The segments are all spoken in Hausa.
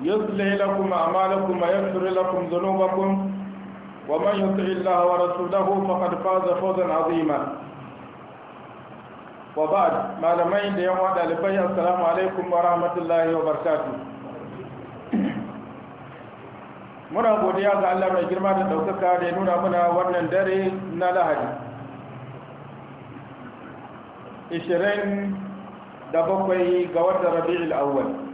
يصلح لكم أعمالكم ويغفر لكم ذنوبكم ومن يطع الله ورسوله فقد فاز فوزا عظيما وبعد ما لمين دي يوم السلام عليكم ورحمة الله وبركاته من أبو دياغ Allah mai girma da ɗaukaka da ya nuna muna wannan dare na lahadi 27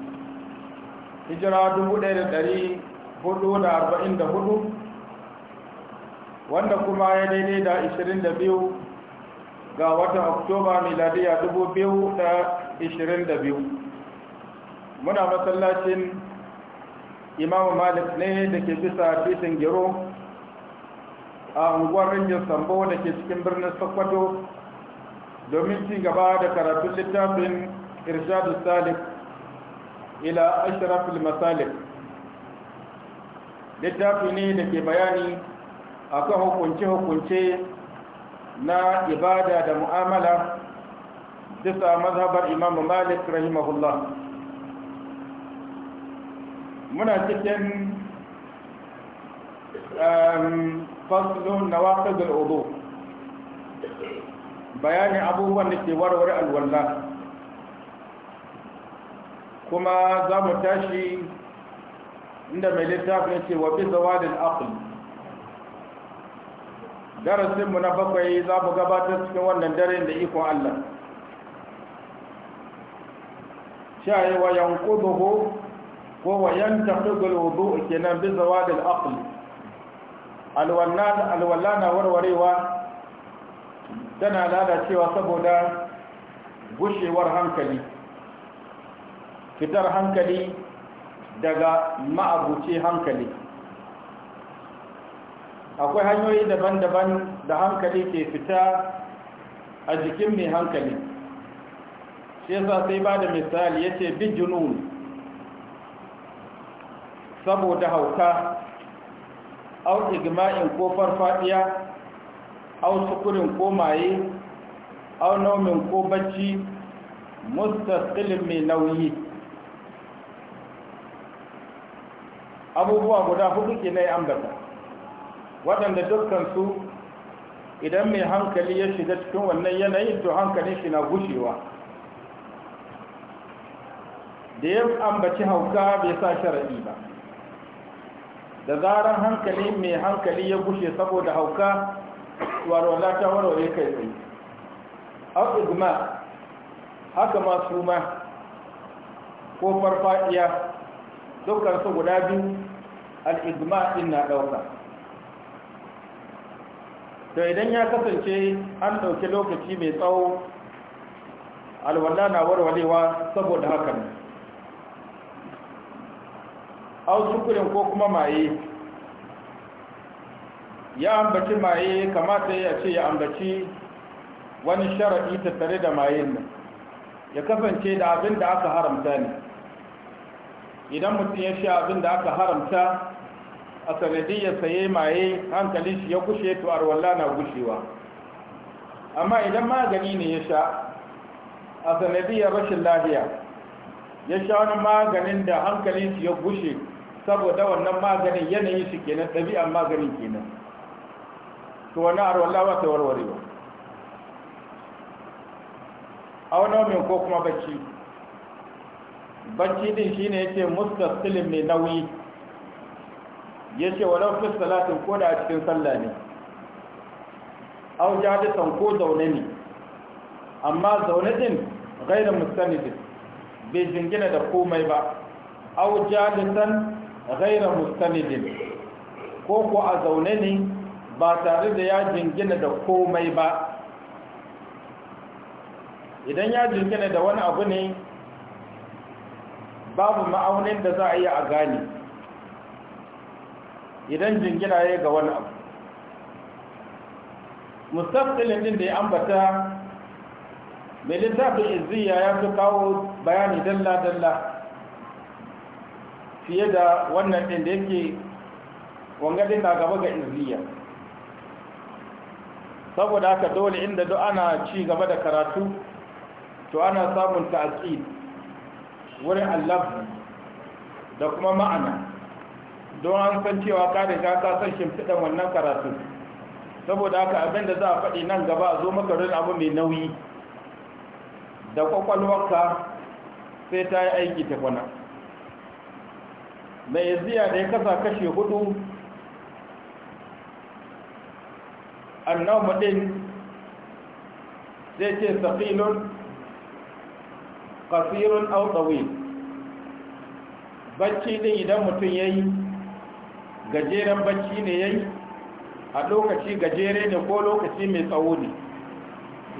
hijira dubu ɗaya da ɗari hudu da arba'in da hudu wanda kuma ya daidai da ishirin da biyu ga watan oktoba miladiya dubu biyu da ishirin da biyu muna masallacin imamu malik ne da ke bisa titin gero a unguwar rangin sambo da ke cikin birnin sokoto domin ci gaba da karatun littafin irshadu salif ila ashrafil masalik littafi ne da ke bayani akan hukunce-hukunce na ibada da mu'amala bisa mazhabar imam malik rahimahullah muna cikin faslun na waƙazin odo bayanin abubuwan da ke warware alwallah kuma za mu tashi inda mai littafin ce wa fi zawadin aql darasinmu na bakwai za mu gabatar cikin wannan daren da ikon Allah shaye wa yanquduhu ko wa yantaqidu alwudu kenan bi zawad aql alwallana alwallana warwarewa tana lalacewa saboda gushewar hankali fitar hankali daga ma'abuci hankali akwai hanyoyi daban-daban da hankali ke fita a jikin mai hankali shi yasa sai ba da misali ya ce bijinun saboda hauka au igma'in ko farfadiya au sukurin ko maye au naumin ko bacci mustasilin mai nauyi abubuwa guda hudu ke na yi ambata waɗanda dukkansu idan mai hankali ya shiga cikin wannan yanayin to hankalin shi na gushewa da ya ambaci hauka bai sa sharaɗi ba da zarar hankali mai hankali ya gushe saboda hauka warwala ta warware kai tsaye al'ugma haka masu ma ko farfadiya dukkan su guda biyu al'igma ina na ɗauka Da idan ya kasance an ɗauki lokaci mai tsawo alwala na warwarewa saboda haka ne au sukurin ko kuma maye ya ambaci maye kamata ya ce ya ambaci wani sharaɗi tattare da mayen nan ya kasance da abin da aka haramta ne idan mutum ya sha abin da aka haramta a sanadiyar saye maye hankalin shi ya kushe to arwalla na gushewa amma idan magani ne ya sha a sanadiyar rashin lahiya, ya sha wani maganin da hankalin shi ya gushe saboda wannan maganin yanayin shi kenan ɗabi'an maganin kenan to wani arwalla ba ta warwarewa aunomin ko kuma bacci bacci din shine yake mustasilin mai nauyi yace walau fi salatin ko da a cikin sallah ne Au aw san ko zaune ne amma zaune din gairin mustanid bai jingina da komai ba Au aw san gairin mustanid ko ko a zaune ne ba tare da ya jingina da komai ba idan ya jingina da wani abu ne babu ma'aunin da za a iya a gane idan jingina ya ga wani abu mustaqilin din da ya ambata mai littafin izziya ya fi kawo bayani dalla-dalla fiye da wannan din da yake wangadin na gaba ga izziya saboda haka dole inda duk ana ci gaba da karatu to ana samun ta'aqid wurin allab da kuma ma'ana don an san cewa ka ka san shimfiɗan wannan karatu saboda haka abin da za a faɗi nan gaba a zo maka rin abu mai nauyi da kwakwalwarka sai ta yi aiki ta kwana mai ziya da ya kasa kashe hudu annabu ɗin sai ce saƙilun qasirun aw bacci din idan mutum yayi gajeren bacci ne yayi a lokaci gajere ne ko lokaci mai tsawo ne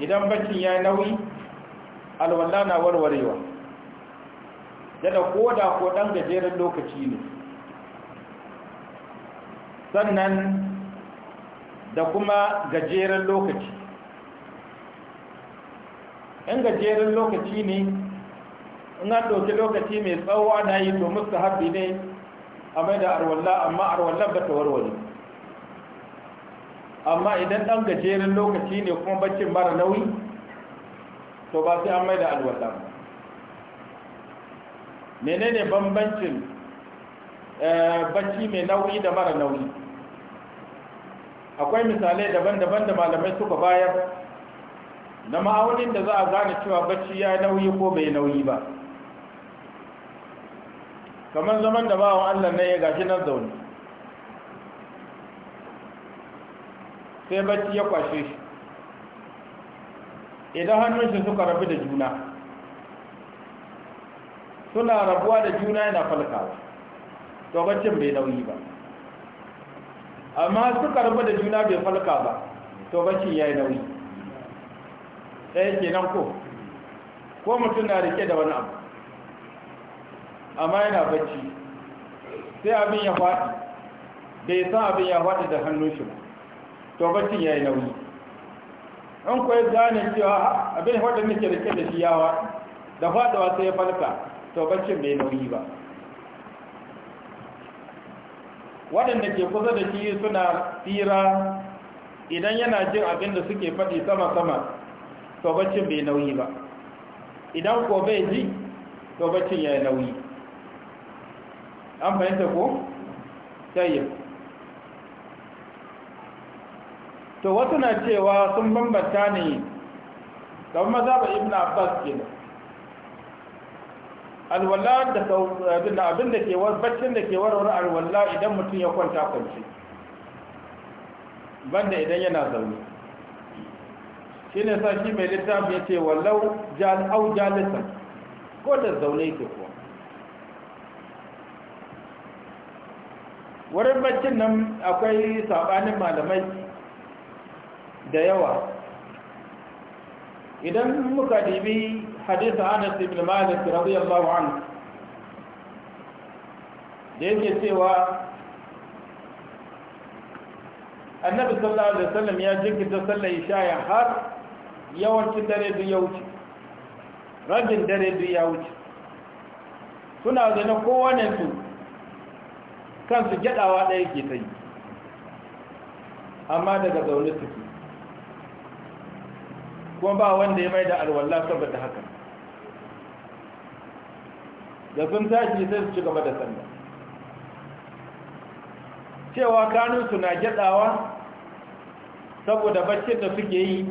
idan baccin ya yi nauyi alwala na warwarewa da ko da ko dan gajeren lokaci ne sannan da kuma gajeren lokaci in gajeren lokaci ne in an ɗauki lokaci mai tsawo ana yi to musu haɗi ne a mai da arwallah amma arwallah ba ta warware amma idan ɗan gajeren lokaci ne kuma baccin mara nauyi to ba sai an mai da alwallah menene bambancin eh, bacci mai nauyi da mara nauyi akwai misalai daban-daban da malamai suka bayar na ma'aunin da za a gane cewa bacci ya nauyi ko bai nauyi ba kamar zaman da bawan allah na ya gashi nan zaune sai bacci ya kwashe shi idan hannun shi suka rabu da juna suna rabuwa da juna yana falkawa to baccin bai nauyi ba amma suka rabu da juna bai falka ba to baccin ya yi nauyi ɗaya kenan ko ko mutum na rike da wani abu amma yana bacci sai abin ya faɗi bai san abin ya faɗi da hannun shi ba to baccin ya yi nauyi an kuwa gane cewa abin faɗin nake da da shi yawa da faɗawa sai ya falka to baccin bai nauyi ba waɗanda ke kusa da shi suna tsira idan yana jin abin da suke faɗi sama-sama to baccin bai nauyi ba idan ko bai ji to baccin ya yi nauyi an fahimta ko yi. to wasu na cewa sun bambanta ne da mazhab ibn abbas da alwala da abin abinda ke war baccin da ke warware alwala idan mutum ya kwanta kwanci banda idan yana zaune shi ne sa shi mai littafi ya ce wallau jan au ko da zaune ke kuwa wurin baccin nan akwai sabanin malamai da yawa idan muka dibi hadisa anas ibn malik radiyallahu anhu da yake cewa annabi sallallahu alaihi wasallam ya jinkirta sallar ishaya har yawancin dare duk ya wuce rajin dare duk ya wuce suna zane kowane su kansu gyadawa ɗaya ke ta yi amma daga zaune suke kuma ba wanda ya mai da alwalla saboda haka da sun tashi sai su ci gaba da sanda. cewa kanunsu na gyadawa saboda bacci da suke yi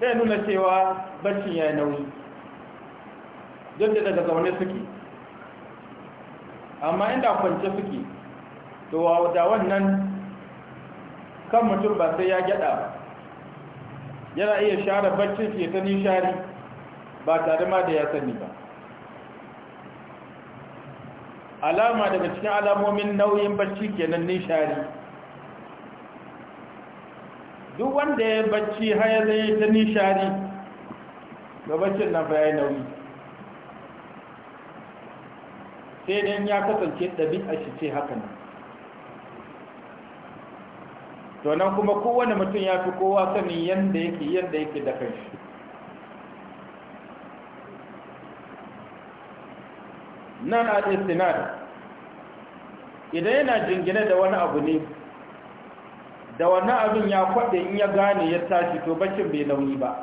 sai nuna cewa baccin ya yi nauyi duk da daga zaune suke amma inda kwance suke to da wannan kan mutum ba sai ya gyada yana iya share baccin shi ta nishari ba tare ma da ya sani ba alama daga cikin alamomin nauyin bacci kenan nishari duk wanda ya bacci haya zai ta nishari ga baccin nan bayan nauyi sai dan ya kasance ɗabi'a shi ce haka nan to nan kuma kowane mutum ya fi kowa sani yadda yake yadda yake da kanshi nan a istinad idan yana jingine da wani abu ne da wani abin ya kwade in ya gane ya tashi to bakin bai nauyi ba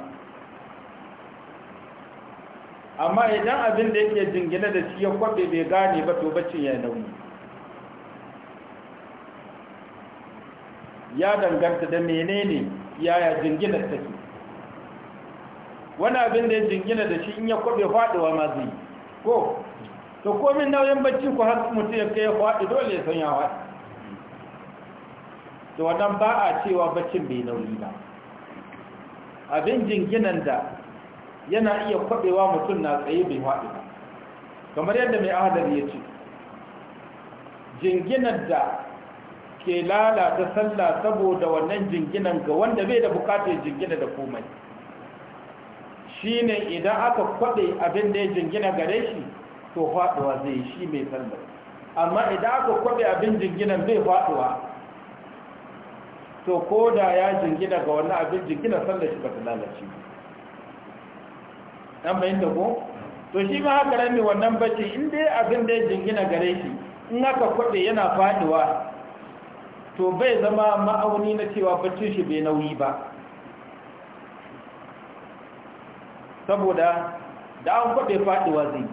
amma idan abin da yake jingine da shi ya kwade bai gane ba to bakin ya nauyi ya danganta da menene yaya jingina take wani abin da ya jingina da shi in ya kwabe faɗiwa ma zai ko to komin nauyin bacci ku har mutum ya kai ya faɗi dole ya sanya ya faɗi to wannan ba a cewa baccin bai nauyi ba abin jinginan da yana iya kwaɓewa mutum na tsaye bai faɗi ba kamar yadda mai ahadar ya ce jinginan da ke lalata sallah saboda wannan jinginan ga wanda bai da bukatar jingina da komai shine idan aka kwade abin da ya jingina gare shi to faduwa zai shi mai sallah, amma idan aka kwade abin jinginan bai faduwa to ko da ya jingina ga wannan abin jingina sallah shi ba ta lalace ba bayin da ko to shi ma haka rami wannan bacci in dai abin da ya jingina gare shi in aka kwade yana faduwa to bai zama ma'auni na cewa baccin shi bai nauyi ba saboda da an kwaɗe faɗuwa zai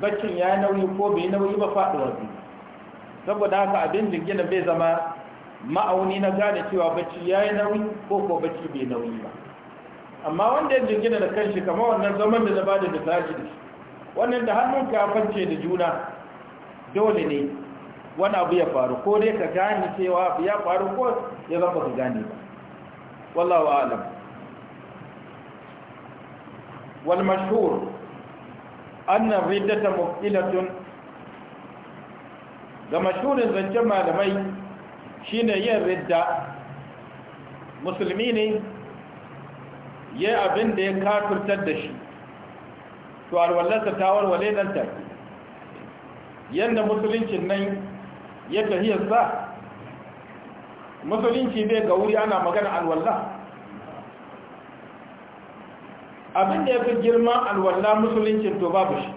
baccin ya nauyi ko bai nauyi ba faɗuwa zai saboda haka abin jingina bai zama ma'auni na gane cewa bacci ya yi nauyi ko ko bacci bai nauyi ba amma wanda ya jingina da kanshi kama wannan zaman da na bada misali da shi wannan da hannun kafance da juna dole ne wani abu ya faru ko dai ka gane cewa ya faru ko ya zama ka gane ba wallahu alam wal mashhur anna riddata mufilatun ga mashhurin zance malamai shine yin ridda musulmi ne ya abin da ya kafirtar da shi to alwallarsa ta warware nan take yadda musuluncin nan ya tahiyarsa musulunci bai ga wuri ana magana alwallah abinda da ya fi girma alwallah musuluncin to babu shi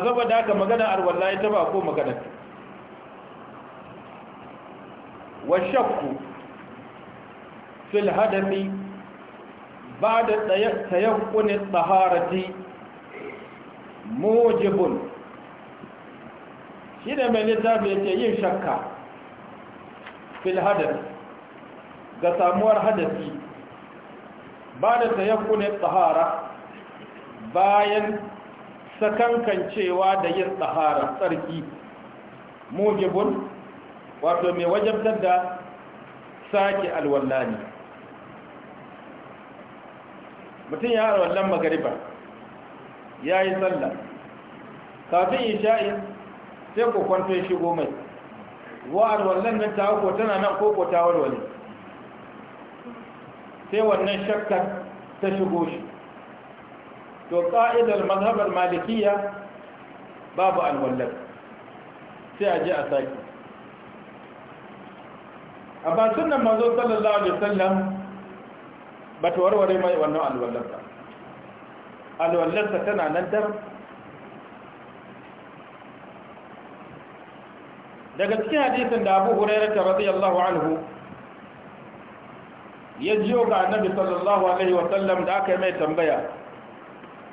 zaba da aka magana alwallah ya ba ko magana wa shakku fil hadami ba da tsayakkuni tsaharati mojibun shi ne mai littafi ya ce yin shakka fil hadar ga samuwar hadasi ba da ne tsahara bayan sakankancewa da yin tsahara tsarki mujibun wato mai wajabtar da sake alwallani mutum ya alwallan magariba ya yi tsalla kafin isha'i sai ko kwanto ya shigo mai wa alwallan nan ta ko tana nan ko ko ta walwale sai wannan shakkar ta shigo shi to ka'idar mazhabar malikiya babu alwallan sai a je a saki a ba sunan manzo sallallahu alaihi wasallam ba ta warware mai wannan alwallarsa alwallarsa tana nan daram daga cikin hadisin da abu hurairar ta radiyallahu anhu ya jiyo ga annabi sallallahu alaihi wasallam da aka yi mai tambaya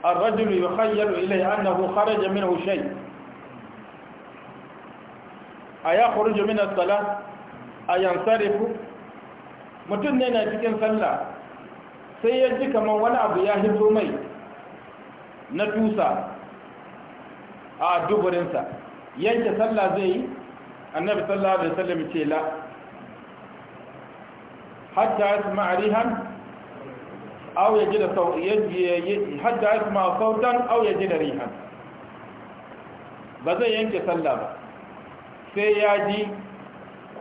الرجل يخيل إليه أنه خرج منه شيء أيخرج من الصلاة أينصرف mutum ne na cikin sallah sai ya ji kamar wani abu ya hito mai na tusa a duburinsa yanke sallah zai yi annabi sallallahu alaihi wasallam ce la hatta asma rihan aw yajida sautan hatta asma sautan aw da rihan ba zai yanke sallah ba sai ya ji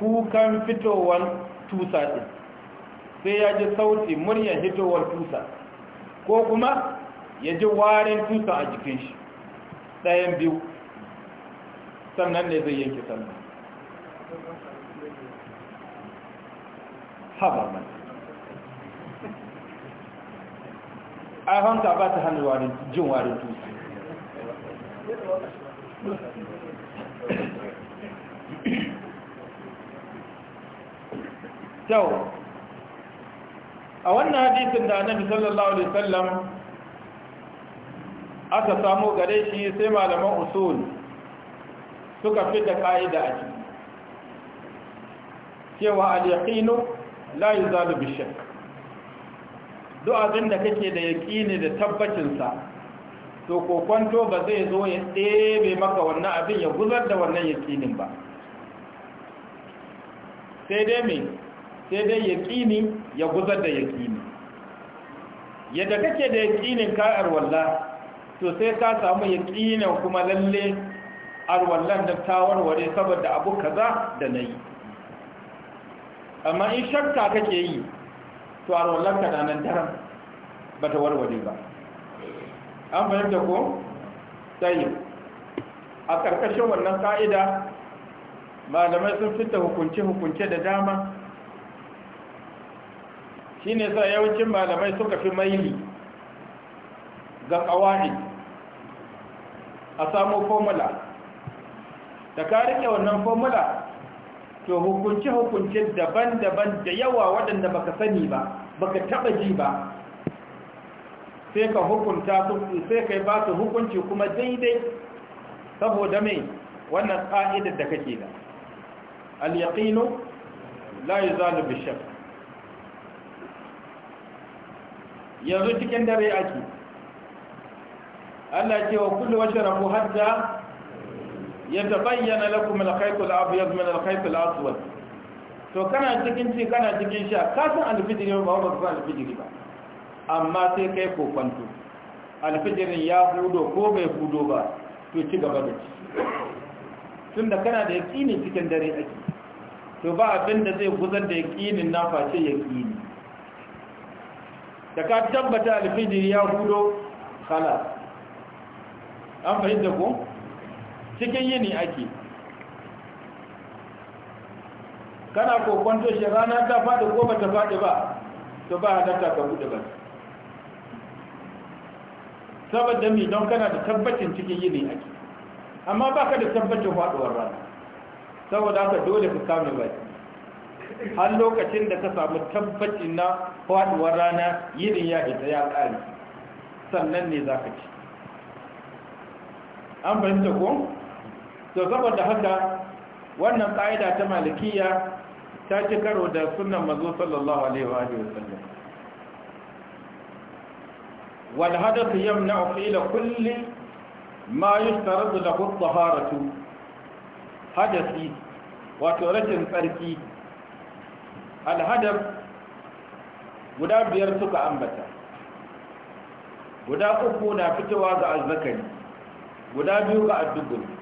kukan fitowar tusa din sai ya ji sauti muryar fitowar tusa ko kuma ya ji warin tusa a jikin shi ɗayan biyu sannan ne zai yanke sallah haba mai a hanta ba ta hannun jin warin tusi kyau a wannan hadisun da annabi sallallahu alaihi sallam aka samu gare shi sai malaman usul suka fi da ka'ida a ciki cewa al-yaqinu la yuzalu bi duk abin da kake da yaqini da tabbacin sa to kokonto ba zai zo ya tsebe maka wannan abin ya guzar da wannan yaqinin ba sai dai me sai dai yaqini ya guzar da yaqini yadda kake da yaqinin ka wallahi to sai ka samu yaqinin kuma lalle arwallan da ta warware saboda abu kaza da nayi amma in shakka kake yi to arwallarka na nan daren ba ta warware ba an fahimta ko sai a ƙarƙashin wannan ka'ida malamai sun fita hukunce-hukunce da dama shine sa yawancin malamai suka fi maili ga ƙawa'id a samu formula da ka riƙe wannan formula to hukunce-hukunce daban-daban da yawa waɗanda baka sani ba baka taɓa ji ba sai ka hukunta su sai ka ba su hukunci kuma daidai saboda mai wannan ƙa'idar da kake da al-yaqinu la yuzalu yanzu cikin dare ake Allah ce wa kullu washrabu hatta yatabayyana lakum al-khayt al-abyad min al-khayt al-aswad to kana cikin ci kana cikin sha ka san alfijiri ba ba san alfijiri ba amma sai kai ko kwanto alfijirin ya hudo ko bai hudo ba to ci gaba da ci tunda kana da yaqini cikin dare ake to ba abin da zai guzar da yaqinin na face yaqini da ka tabbata alfijiri ya hudo kala an fahimta ko cikin yini ake kana kwanto shi rana ta faɗi ko ba ta faɗi ba to ba ta ka buɗe ba saboda mi don kana da tabbacin cikin yini ake amma ba ka da tabbacin faɗuwar rana saboda haka dole ka kame ba har lokacin da ka samu tabbacin na faɗuwar rana yini ya fita ya ƙare sannan ne za ka ci an fahimta ko? to saboda haka wannan ƙa'ida ta malikiya ta ci karo da sunan mazo sallallahu alaihi wa sallam wal hadathu yamna'u ila kulli ma yushtaradu lahu at-taharatu hadasi wato rashin tsarki al guda biyar suka ambata guda uku na fitowa ga azzakari guda biyu ga addubuni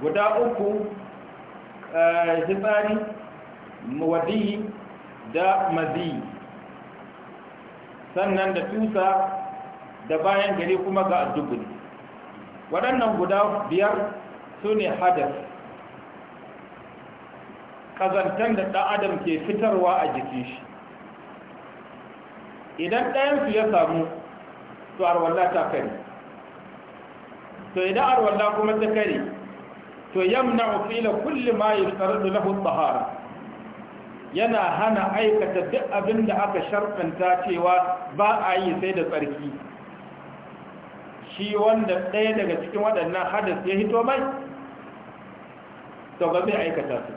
guda uku eh, hitsari wadi da mazi sannan da tusa da bayan gari kuma ga addubin waɗannan guda biyar su ne hadas ƙazantar da ɗan adam ke fitarwa a jiki shi idan ɗayansu ya samu to arwallah ta kare to idan arwallah kuma ta kare to yamna fila kulli ma yashtaradu lahu tahara yana hana aikata duk abin da aka sharfanta cewa ba a yi sai da tsarki shi wanda ɗaya daga cikin waɗannan hadas ya hito mai to ba zai aikata su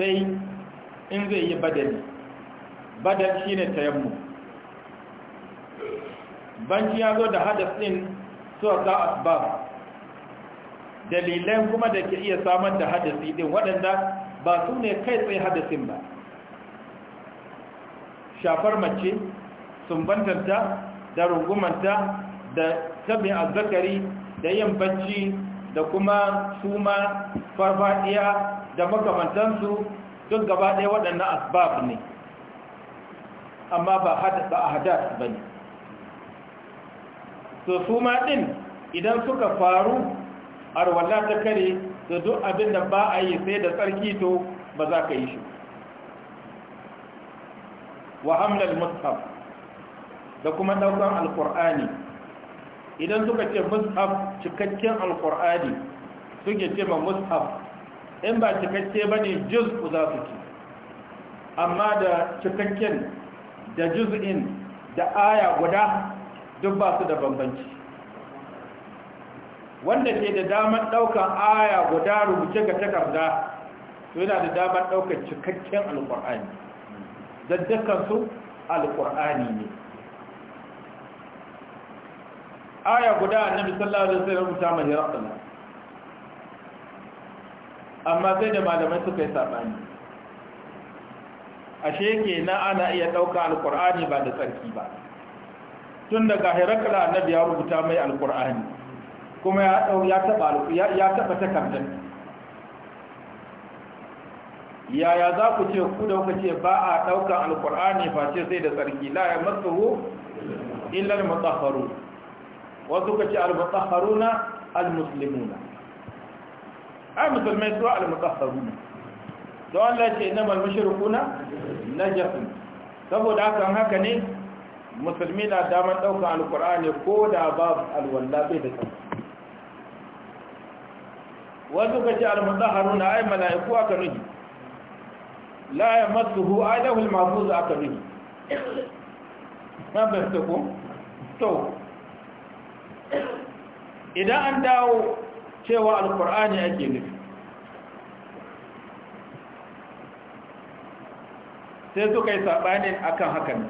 sai in zai yi badali badal shi ne tayammu banki ya zo da hadas ɗin suwa ta asbab dalilan kuma da ke iya samar da hadasi din waɗanda ba su ne kai tsaye hadasin ba shafar mace sumbantanta da rungumanta da tabin azzakari da yin bacci da kuma suma farfadiya da makamantansu duk gaba ɗaya waɗannan asbab ne amma ba a hadas ba ne su suma ɗin idan suka faru arwala ta kare da duk abin da ba a yi sai da tsarki to ba za ka yi shi wa hamlal mushaf da kuma daukan alqur'ani idan suka ce mushaf cikakken alqur'ani suke ce ma mushaf in ba cikakke bane juz'u za su ci amma da cikakken da juz'in da aya guda duk ba su da bambanci wanda ke da damar daukan aya guda rubuce ga takarda to yana da damar ɗaukar cikakken alƙur'ani su alƙur'ani ne aya guda annabi sallallahu alaihi wasallam rubuta mai rabbana amma sai da malamai suka yi sabani ashe ke na ana iya ɗauka alƙur'ani ba da tsarki ba tun daga hirakala annabi ya rubuta mai alƙur'ani kuma ya dau ya taba ya taba takardar yaya za ku ce ku da kuka ce ba a daukan alqur'ani face sai da tsarki la ya masahu illa al wasu ka ce al-mutahharuna al-muslimuna ai musulmai su al-mutahharuna don Allah ce innamal na najasun saboda hakan haka ne musulmi na damar daukan alkur'ani ko da babu alwalla da tsarki wasu ka ce haruna ay malaiku aka nuhi la yamassuhu adahu almahfuz aka nuhi na ba ko to idan an dawo cewa alkur'ani ake nufi sai suka yi a akan hakan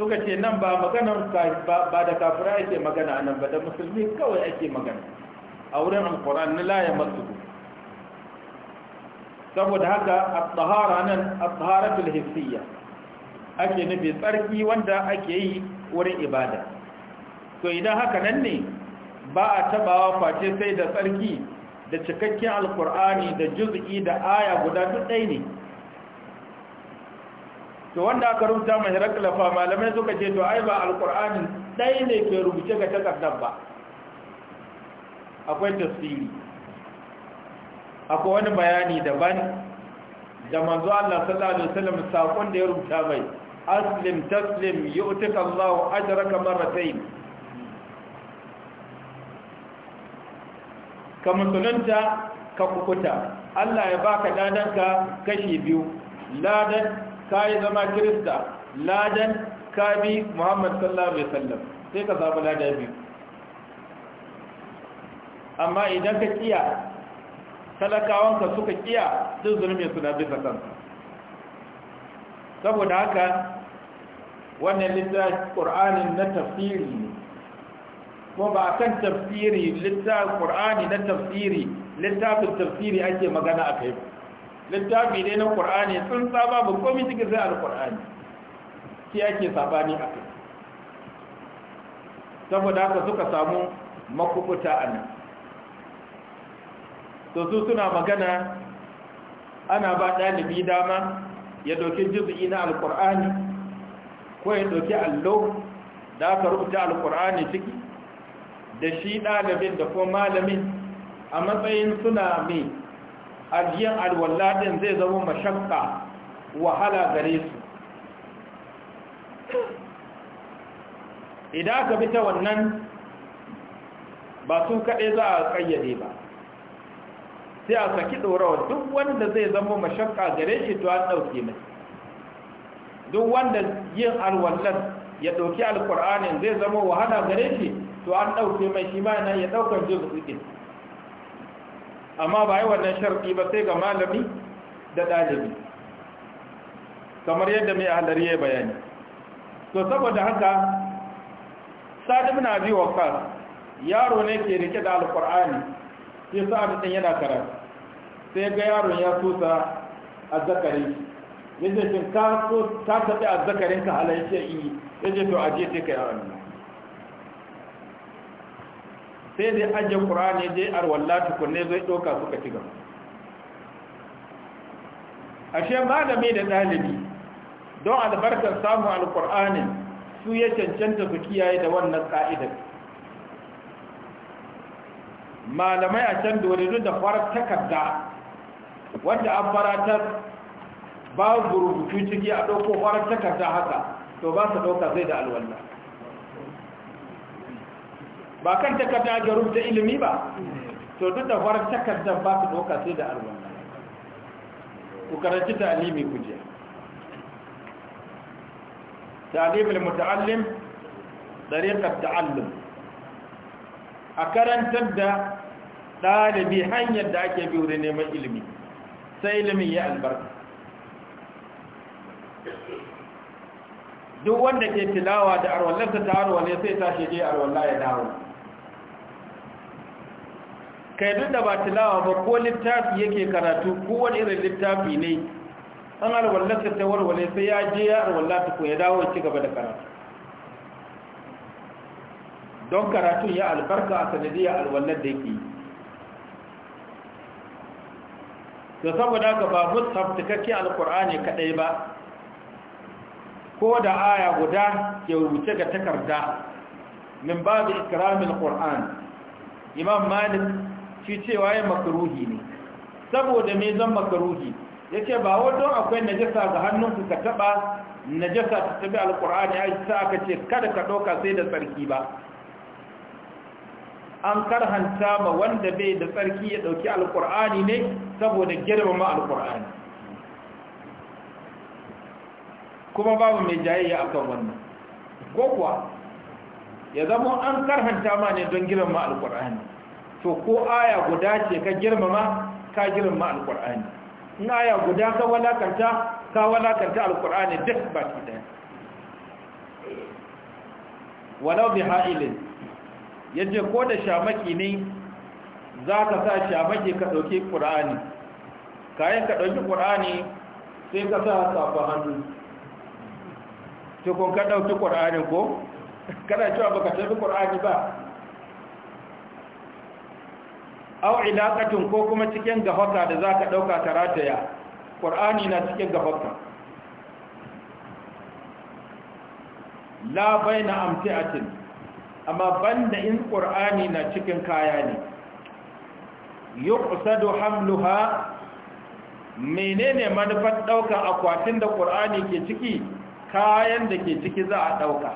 suka ce nan ba maganar ba da kafira ake magana nan ba da musulmi kawai ake magana a wurin alquran na la yamassu saboda haka a tahara nan at-taharatul hissiyya ake nufi tsarki wanda ake yi wurin ibada to idan haka nan ne ba a tabawa face sai da tsarki da cikakken alkur'ani da juz'i da aya guda duk ɗaya ne to wanda aka rubuta mai hiraklafa malamai suka ce to ai ba alkur'anin ɗaya ne ke rubuce ga takardar ba akwai tafsiri akwai wani bayani daban da manzo Allah sallallahu alaihi wasallam sakon da ya rubuta mai aslim taslim yu'tika Allah ajraka marratayn ka musulunta ka kukuta Allah ya baka ladanka kashi biyu ladan kai zama kirista ladan kabi Muhammad sallallahu alaihi wasallam sai ka zaba ladan biyu amma idan ka kiya talakawanka suka kiya duk zulmin suna bisa kansu saboda haka wannan littafin ƙur'anin na tafsiri ko ba a kan tafsiri littafin ƙur'ani na tafsiri littafin tafsiri ake magana a kai littafi ne na ƙur'ani sun saba ba komi cikin sai alƙur'ani ki ake sabani a kai saboda haka suka samu makubuta a nan to su suna magana ana ba ɗalibi dama ya ɗauki juzu'i na Alƙur'ani, ko ya ɗauki allo da aka rubuta alkur'ani ciki da shi ɗalibin da kuma malamin a matsayin suna mai ajiyar alwalladin zai zama mashakka wahala gare su idan aka bi ta wannan ba su kaɗai za a ƙayyade ba sai a saki ɗorawa duk wanda zai zama mashakka gare shi to an ɗauke mai duk wanda yin alwallar ya ɗauki alƙur'anin zai zama wahala gare shi to an ɗauke mai shi ma yana ya ɗaukar jin amma ba yi wannan sharfi ba sai ga malami da ɗalibi kamar yadda mai halar ya bayani to saboda haka muna na wa waqas yaro ne ke rike da alkur'ani sai sa'adu din yana karatu sai ga yaron ya tusa azzakari ya ce shin ka so ta tafi azzakarin ka halayen ce yi eh. ya ce to aje sai ka yaron nan sai dai aje ƙura'ani je arwalla tukunne zai ɗauka suka ci gaba ashe malami da ɗalibi don albarkar samun alƙur'anin su ya cancanta su kiyaye da wannan ƙa'idar malamai a can wani duk da farar takarda wanda an faratar babu rubutu ciki a ɗauko farar takarda haka to ba su ɗauka zai da alwalla ba kan takarda ake rubuta ilimi ba to duk da farar takarda ba su ɗauka sai da alwalla ku karanci talimi ku je talibul muta'allim dariqat ta'allum a karantar da ɗalibi hanyar da ake bi wurin neman ilimi sai ilimin ya albarka duk wanda ke tilawa da arwallarsa ta arwale sai ta je arwallar ya dawo kai duk da ba tilawa ba ko littafi yake karatu ko wani irin littafi ne an arwallarsa ta warwale sai ya je ya arwallar ta ko ya dawo ci gaba da karatu don karatun ya albarka a sanadiyar arwallar da yake yi to saboda ka ba mushaf cikakke alkur'ani kadai ba ko da aya guda ke rubuce ga takarda min babu ikramin qur'an imam malik shi cewa ya makaruhi ne saboda me zan makaruhi yace ba wato akwai najasa ga hannunku ka taba najasa ta tabi alkur'ani ai sai aka ce kada ka ɗauka, sai da tsarki ba an karhanta ma wanda bai da tsarki ya dauki alkur'ani ne saboda girmama alkur'ani kuma babu mai jayayya akan wannan ko kuwa ya zama an karhanta ma ne don girmama alkur'ani to ko aya guda ce ka girmama ka girmama alkur'ani in aya guda ka walakanta ka walakanta alkur'ani duk baki daya walau bi ha'ilin Yaje ko da shamaki ne za ka sa shamaki ka ɗauki ƙur'ani kayan ka ɗauki ƙur'ani sai ka sa safa hannu tukun ka ɗauki ƙur'ani ko kana cewa baka tafi ƙur'ani ba au ilaƙatun ko kuma cikin gafaka da za ka ɗauka ka rataya ƙur'ani na cikin gafaka la bai na amtiatin amma banda in ƙur'ani na cikin kaya ne yuqsadu hamluha menene manufar ɗauka akwatin da ƙur'ani ke ciki kayan da ke ciki za a ɗauka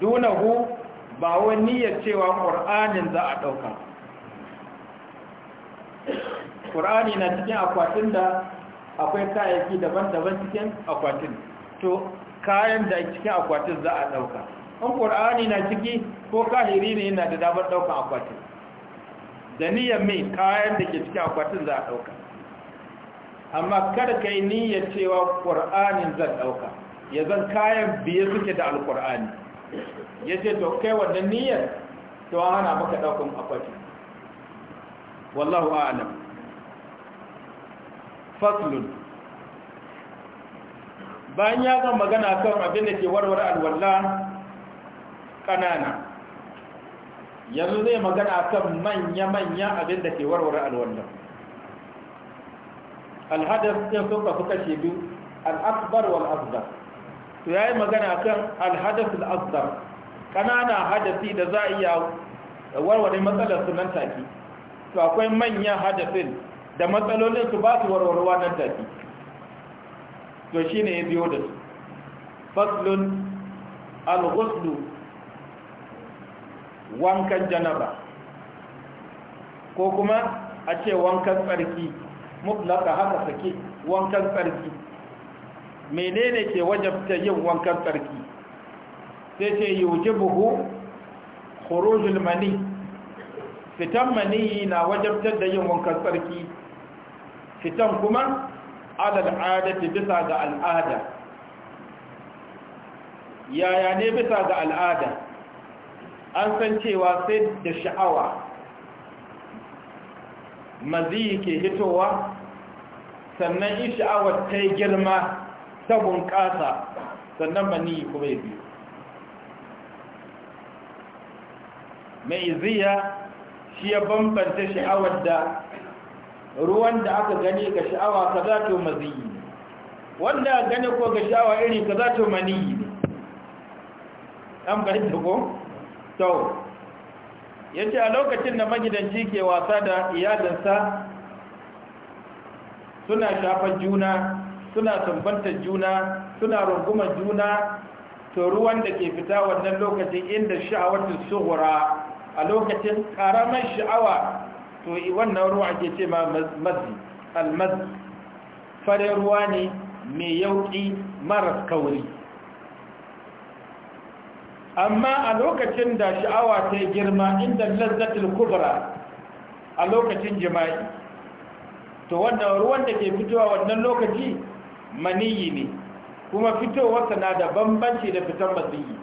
dunahu ba wani niyyar cewa ƙur'anin za a ɗauka ƙur'ani na cikin akwatin da akwai kayayyaki daban-daban cikin akwatin to kayan da cikin akwatin za a ɗauka in ƙur'ani na ciki ko kahiri ne yana da damar ɗaukan akwatin da niyyar mai kayan da ke cikin akwatin za a ɗauka amma kada ka yi niyyar cewa ƙur'anin zan ɗauka ya zan kayan biye suke da alƙur'ani ya ce to kai wannan niyyar to an hana maka ɗaukan akwatin wallahu a'lam faslun bayan ya zan magana kan abin da ke warware alwallah ƙanana yanzu zai magana kan manya-manya abin da ke warware alwallon alhadar sun suka fuka ce biyu al'asbar wal asdar to ya yi magana kan alhadar al'asbar ƙanana hadasi da za a iya warware matsalar su nan taki to akwai manya hadasin da matsalolin su ba su warwarwa nan taki to shi ne ya biyo da su faslun al wankan janaba ko kuma a ce wankan tsarki mutlaka haka sake wankan tsarki menene ke wajabta yin wankan tsarki sai ce yujibuhu khurujul mani fitan mani na wajabtar da yin wankan tsarki fitan kuma alal adati bisa ga al'ada yaya ne bisa ga al'ada an san cewa sai da sha'awa maziyi ke hitowa sannan in sha'awar ta yi girma ta bunƙasa sannan maniyi kuma ya biyu mai iziya shi ya bambanta sha'awar da ruwan da aka gani ga sha'awa ka za to maziyi wanda gani ko ga sha'awa iri ka za to maniyi ne an bayan da ko? to yace a lokacin da magidanci ke wasa da iyalinsa suna shafan juna suna sumbantar juna suna runguma juna to ruwan da ke fita wannan lokacin inda sha'awatul sughra a lokacin karamar sha'awa to wannan ruwa ke ce ma mazi almazi farin ruwa ne mai yauki maras kauri amma a lokacin da sha'awa ta girma inda lazzatul kubra a lokacin jima'i to wannan ruwan da ke fitowa wannan lokaci maniyi ne kuma fitowarsa na da bambanci da fitan maziyi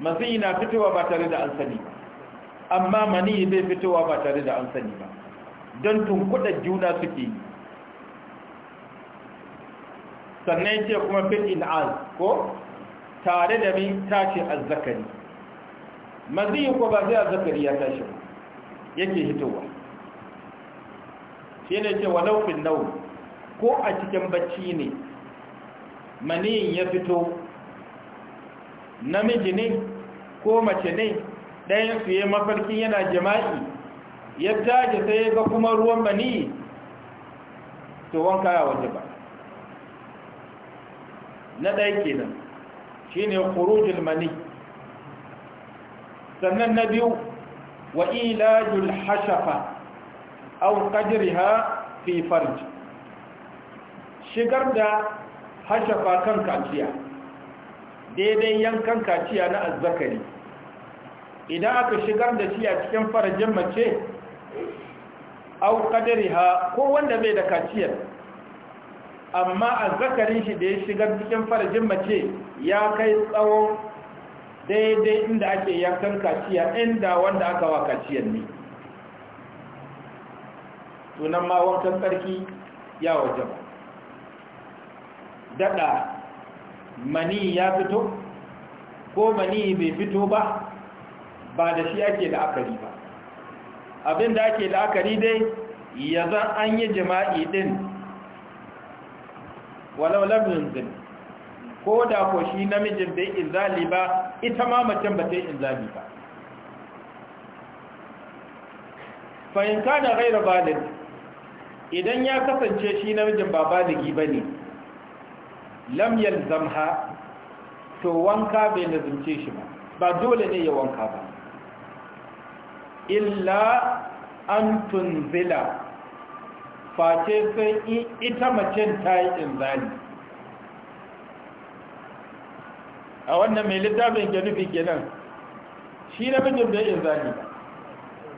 maziyi na fitowa ba tare da an sani ba amma maniyi bai fitowa ba tare da an sani ba don tunkuɗa juna suke yi sannan ce kuma fil in'al ko tare da min tashi azzakari maziyi ko ba sai zakari ya tashi yake hitowa shi ne ce wa laufin nau ko a cikin bacci ne maniyin ya fito namiji ne ko mace ne ɗayan su ya mafarkin yana jima'i ya taje sai ga kuma ruwan maniyi to wanka ya waje ba na ɗaya kenan ne kurujin mani sannan na biyu wa ilajul hashafa au qadriha fi farj shigar da hashafa kan kaciya daidai yankan kaciya na azzakari idan aka shigar da shi a cikin farajin mace au qadriha ko wanda bai da kaciyar amma azzakarin shi da ya shigar cikin farajin mace ya kai tsawon daidai inda ake yankan kaciya inda wanda aka wa kaciyar ne sunan ma wankan tsarki ya waje daɗa mani ya fito ko mani bai fito ba ba da shi ake la'akari ba abin da ake la'akari dai ya zan an yi jima'i ɗin walau lamunin zini ko da ko shi namijin bai inzali ba ita ma macen ba ta inzali ba fahimta da gaira balid idan ya kasance shi namijin ba baligi ba ne lam yalzamha to wanka bai nazumce shi ba ba dole ne ya wanka ba illa an tunzila face sai ita mace ta yi inzali a wannan mai littafin ke nufi kenan shi namijin bai in zani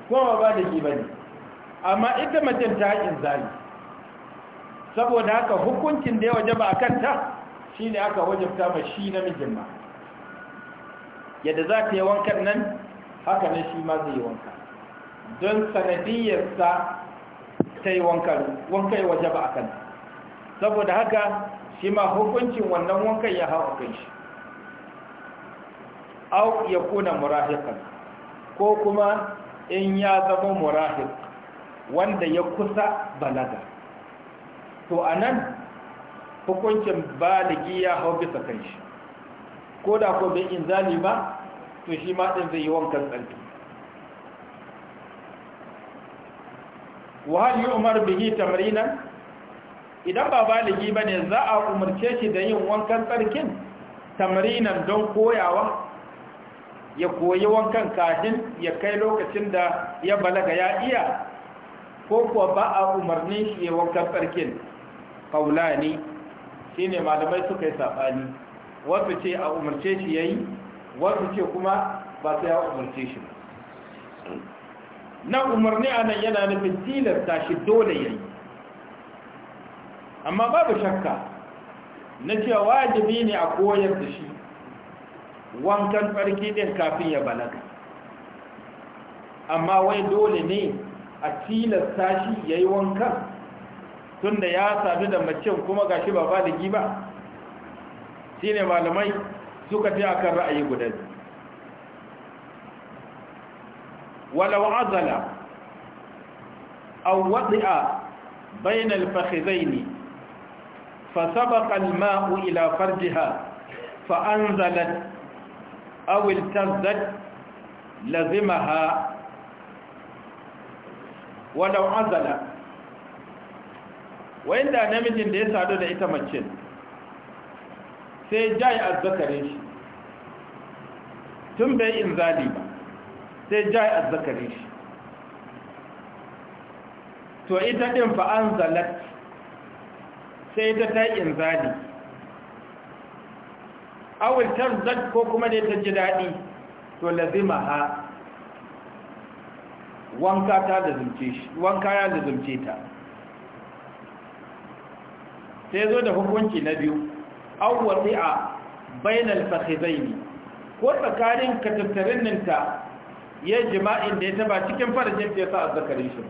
kuma ba da ki bane amma ita macen ta in zani saboda haka hukuncin da ya waje ba a kanta shi ne aka wajabta ma shi namijin ma yadda za ta yi wankan nan haka na shi ma zai yi wanka don sanadiyarsa ta yi wankan, wankai waje ba a kanta saboda haka shi ma hukuncin wannan wankan ya hau a kai shi au ya kuna murahiqan ko kuma in ya zama murahiq wanda ya kusa balaga to anan hukuncin baligi ya hau bisa kan shi ko da ko bai in zali ba to shi ma din zai yi wankan tsanki wa hal umar bihi tamarinan? idan ba baligi bane za a umarce shi da yin wankan tsarkin tamrinan don koyawa ya koyi wankan kafin ya kai lokacin da ya balaga ya iya ko kuwa ba a umarnin shi ya wankan tsarkin kaulani shi ne malamai suka yi saɓani wasu ce a umarce shi ya yi wasu ce kuma ba su ya umarce shi ba na umarni a nan yana nufin tilasta shi dole ya yi amma babu shakka na cewa wajibi ne a koyar da shi wankan farki din kafin ya balaga amma wai dole ne a tilasta shi ya yi wankan tun ya sadu da mace kuma ga shi ba baligi ba shi ne malamai suka fi akan ra'ayi gudan. wala azala aw wadi'a bayna al-fakhizayn fa sabaqa al-ma'u ila farjiha fa awil tazzat lazimaha walau azala wanda namijin da ya sadu da ita mace sai jai azzakarin shi tun bai in zali ba sai jai shi to ita din fa an zalat sai ta in awil tarzad ko kuma da ta ji daɗi to lazima ha wanka da ya da zumce ta sai zo da hukunci na biyu awwati a bainal fakhizaini ko tsakanin katattarin ninta ya jima'in da ya taba cikin farajin da ya sa azzakarin shi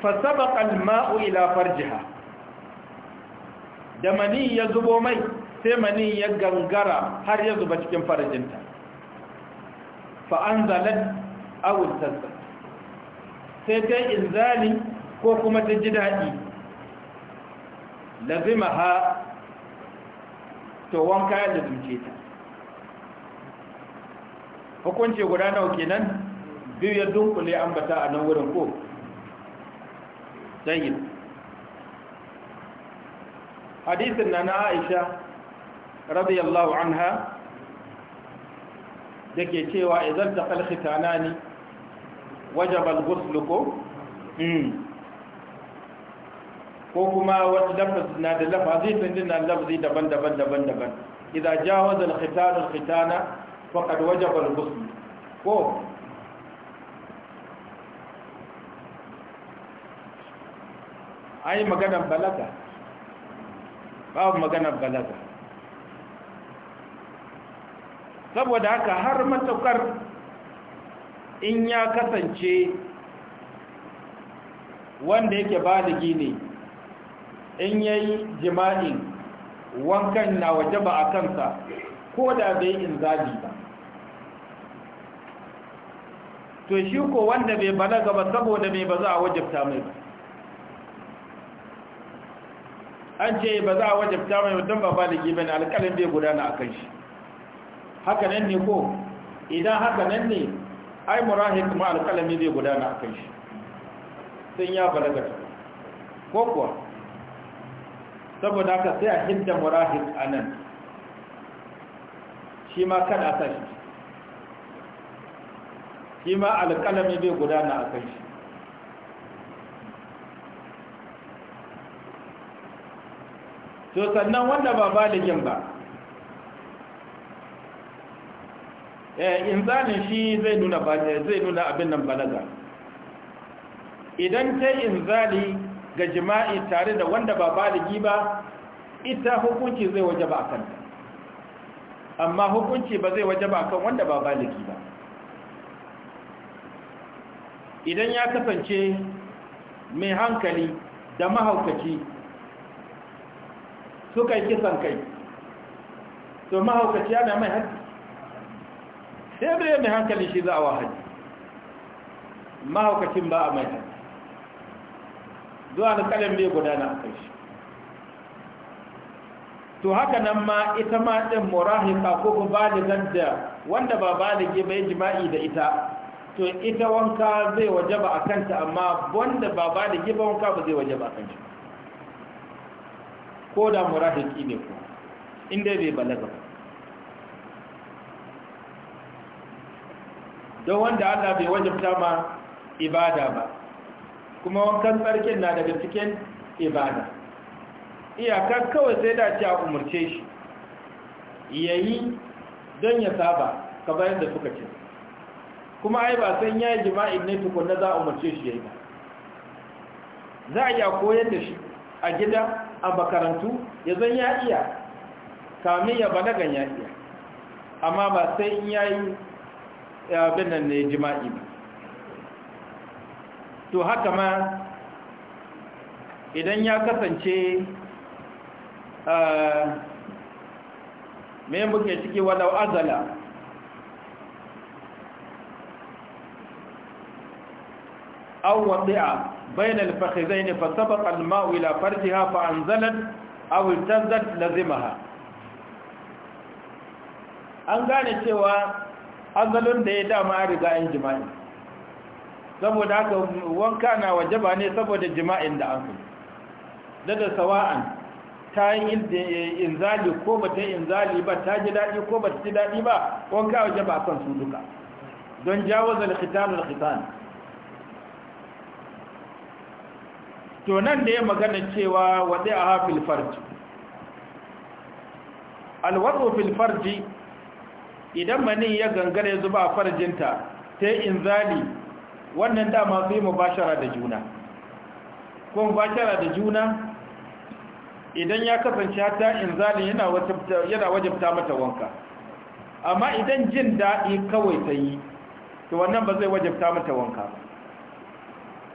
fa sabaqa mau ila farjiha da mani ya zubo mai sai mani ya gangara har ya zuba cikin farajinta fa an zalat sai ta inzali ko kuma ta ji daɗi lazima ha to wanka ya lazimce ta hukunci guda nawa kenan biyu ya dunkule ambata a nan wurin ko sayin hadisin na na aisha radiyallahu anha da ke cewa idan ta kalfita na ne wajabal gusluko hmm. ko kuma wani lafaz na da lafazi tundin na lafazi daban-daban daban-daban idan jawaza alkhitan alkhitana faqad wajaba alghusl ko ai maganan balaga babu maganar balaga saboda haka har matukar in ya kasance wanda yake baligi gini in ya yi jima'in wankan na waje ba a kansa ko da bai in zabi ba to shi ko wanda bai balaga ba saboda mai ba za a wajabta mai ba an ce ba za a wajabta mai don ba baligi bane alƙalin bai gudana a kan shi haka nan ne ko idan haka nan ne ai murahik ma alƙalami bai gudana a kan shi sun ya balaga ko kuwa saboda haka sai a hidda murahik a nan shi ma kan a sashi shi ma alƙalami bai gudana a kan shi to sannan wanda ba baligin ba eh, inzanin shi zai nuna zai nuna abin nan balaga idan ta inzali ga jima'i tare da wanda ba baligi ba ita hukunci zai waje ba a kanta amma hukunci ba zai waje ba kan wanda ba baligi ba idan ya kasance mai hankali da mahaukaci suka yi kisan kai to mahaukaci ya mai haji sai bai mai hankali shi za a wa haji mahaukacin ba a mai haji zuwa na kalin bai gudana a kai shi to haka nan ma ita ma ɗin murahika ko ku ba da wanda ba baligi yi jima'i da ita to ita wanka zai wajaba a kanta amma wanda ba baligi ba wanka ba zai wajaba a kanta ko da murahiki ne ko inda bai balaga ba don wanda Allah bai wajabta ma ibada ba kuma wankan tsarkin na daga cikin ibada iyaka kawai sai da ta umarce shi yayi don ya saba ka bayan da suka ce kuma ai ba san yayi jima'in ne tukunna za a umarce shi yayi ba za a iya koyar da shi a gida a makarantu ya zan ya iya kamin ya gan ya iya amma ba sai in ya yi abin nan ne jima'i ba to haka ma idan ya kasance ah, mai muke ciki wadau azala أو wadi'a بين الفخذين فسبق الماء إلى فرجها فأنزلت أو farjiha لزمها anzalat aw iltazat lazimaha an gane cewa azalun da ya dama riga yin jima'i saboda haka wanka na wajaba ne saboda jima'in da an fi daga sawa'an ta yi inzali ko ba ta yi inzali ba ta ji daɗi ko ba ta ji daɗi ba wanka wajaba a kan su duka don jawo zalkhitanin khitan to nan da ya magana cewa wadai a hafil farji alwadu fil farji idan mani ya gangare zuba farjinta ta zali wannan dama su yi mubashara da juna ko mubashara da juna idan ya kasance hata zali yana wajabta mata wanka amma idan jin daɗi kawai ta yi to wannan ba zai wajabta mata wanka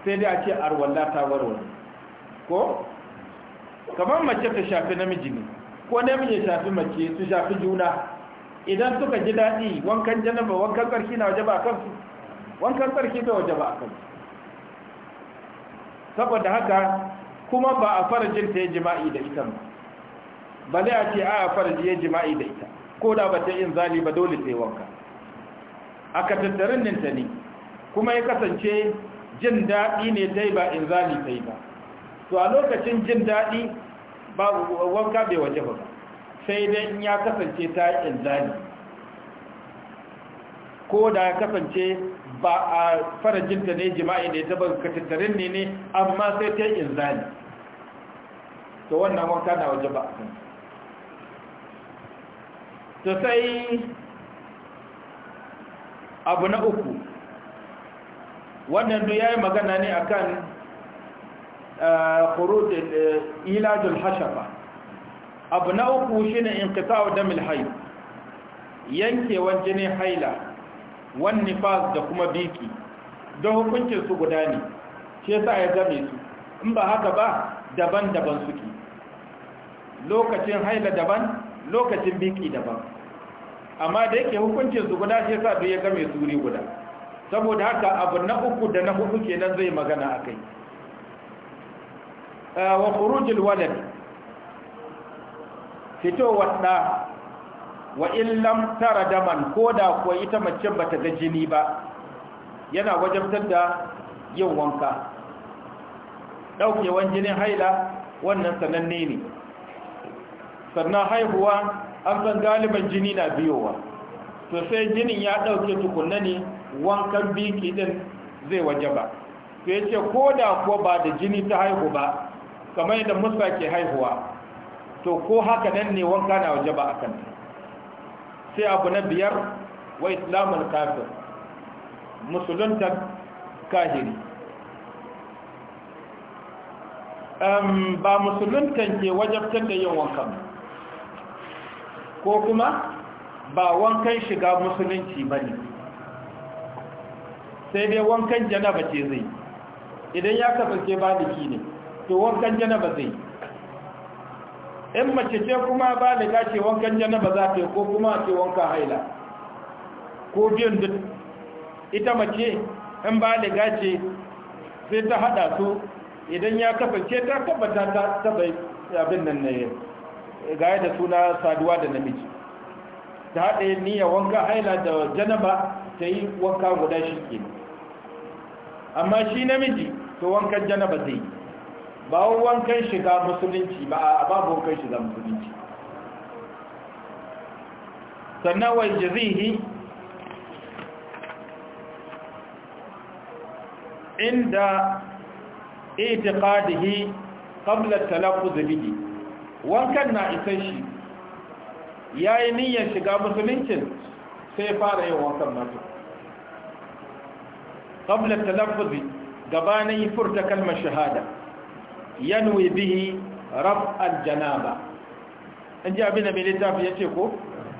sai dai a ce arwallata ta warware ko kamar mace ta shafi namiji ne ko namiji ya shafi mace su shafi juna idan suka ji daɗi wankan janaba wankan tsarki na waje ba a kansu wankan tsarki bai waje ba a kansu saboda haka kuma ba a farajin ta yi jima'i da ita ba ba a ce a a fara ya jima'i da ita ko da ba ta yin zali ba dole ta yi wanka a ka tattarin ninta ne kuma ya kasance jin daɗi ne ta yi ba in zali ta yi ba to a lokacin jin daɗi babu wanka bai waje ba sai dai in ya kasance ta yi inzali ko da ya kasance ba a farajinta ne jima'i ne ta baka tattarin ne ne amma sai ta yi inzali to wannan wanka na waje ba a to sai abu na uku wannan duk ya yi magana ne akan khuruj ilajul hashafa abu na uku shine inqita'u damil hayd yankewan jini haila wan nifas da kuma biki don hukuncin su guda ne shi yasa ya zame su in ba haka ba daban-daban suke lokacin haila daban lokacin biki daban amma da yake hukuncin su guda shi yasa duk ya game su guda saboda haka abu na uku da na hudu kenan zai magana akai Eh, wa khurujul walad fito wadda wa illam tara daman koda ko ita mace bata ga jini ba yana wajabtar da yin wanka daukewan jinin haila wannan sananne ne sannan haihuwa an san galiban jini na biyowa to sai jinin ya dauke tukunna ne wankan biki din zai wajaba to yace koda ko ba da jini ta haihu ba kamar yadda musa ke haihuwa to ko haka nan ne wanka na waje ba a kan sai abu na biyar wa islamun kafir musuluntar kahiri ba musuluntar ke wajabtar da yin wankan ko kuma ba wankan shiga musulunci ba ne sai dai wankan janaba ce zai idan ya kasance ba ne to wankan janaba zai in mace ce kuma ba da gace wankan janaba za ta yi ko kuma ce wankan haila ko biyan duk ita mace in ba da gace sai ta hada su idan ya kasance ta tabbata ta taba abin nan ne gaya da suna saduwa da namiji ta haɗe niyyar wanka haila da janaba ta yi wanka guda shi ke amma shi namiji to wankan janaba zai yi ba kan shiga musulunci ba a babu wankan shiga musulunci sannan wai jazihi inda itiqadihi qabla talaffuz bihi wankan na isan shi yayi niyyar shiga musuluncin sai fara yin wankan mata qabla talaffuz gabanin furta kalmar shahada yanwi bihi rab aljanaba an ji abin da mai littafi ya ce ko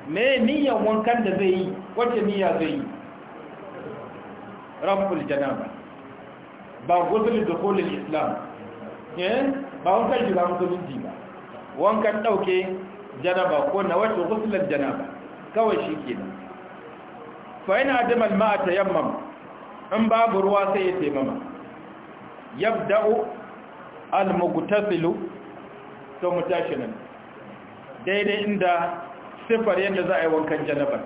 me niyan wankan da zai yi wacce niyya zai yi raf aljanaba ba da kolin islam eh ba wankan shiga musulunci ba wankan dauke janaba ko na wacce gusulul janaba kawai shi ke da. fa ina da ta yamma. in babu ruwa sai ya taimama yabda'u al-mugtasilu to mu tashi nan daidai inda sifar yadda za a yi wankan janabar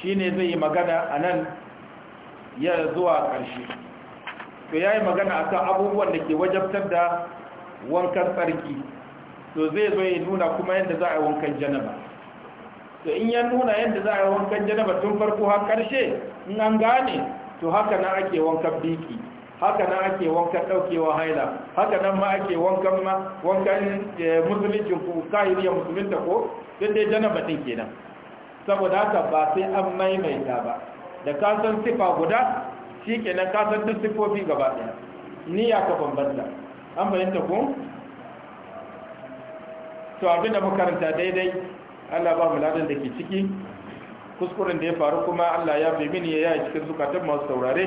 shine zai yi magana a nan ya zuwa ƙarshe to ya yi magana a kan abubuwan da ke wajabtar da wankan tsarki to zai zo ya nuna kuma yadda za a yi wankan janaba to in ya nuna yadda za a yi wankan janaba tun farko har ƙarshe in an gane to haka na ake wankan biki haka nan ake wankan daukewa haila haka nan ma ake wankan ma wankan eh, musulmin ku kahiriya musulmin ta ko sai dai janaba din kenan saboda haka ba sai an maimaita ba da ka san sifa guda shikenan ka san duk sifofi gaba daya niyya ka bambanta an bayyana ku? to abinda makaranta daidai Allah ba mu ladan da ke ciki kuskuren da ya faru kuma Allah ya fi mini ya yi cikin zukatan masu saurare